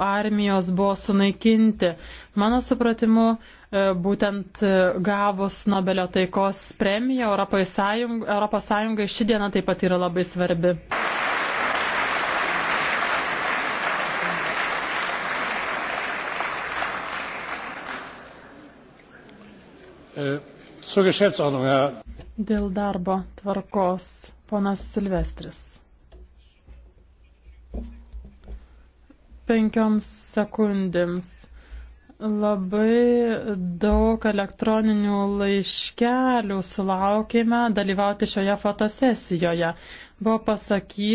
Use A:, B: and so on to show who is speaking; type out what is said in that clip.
A: armijos buvo sunaikinti. Mano supratimu, e, būtent e, gavus Nobelio taikos premiją Europos Sąjungai, Europos Sąjungai ši diena taip pat yra labai svarbi.
B: E,
A: Dėl darbo tvarkos, ponas Silvestris. penkioms sekundėms. Labai daug elektroninių laiškelių sulaukėme dalyvauti šioje fotosesijoje.
C: Buvo pasakyti,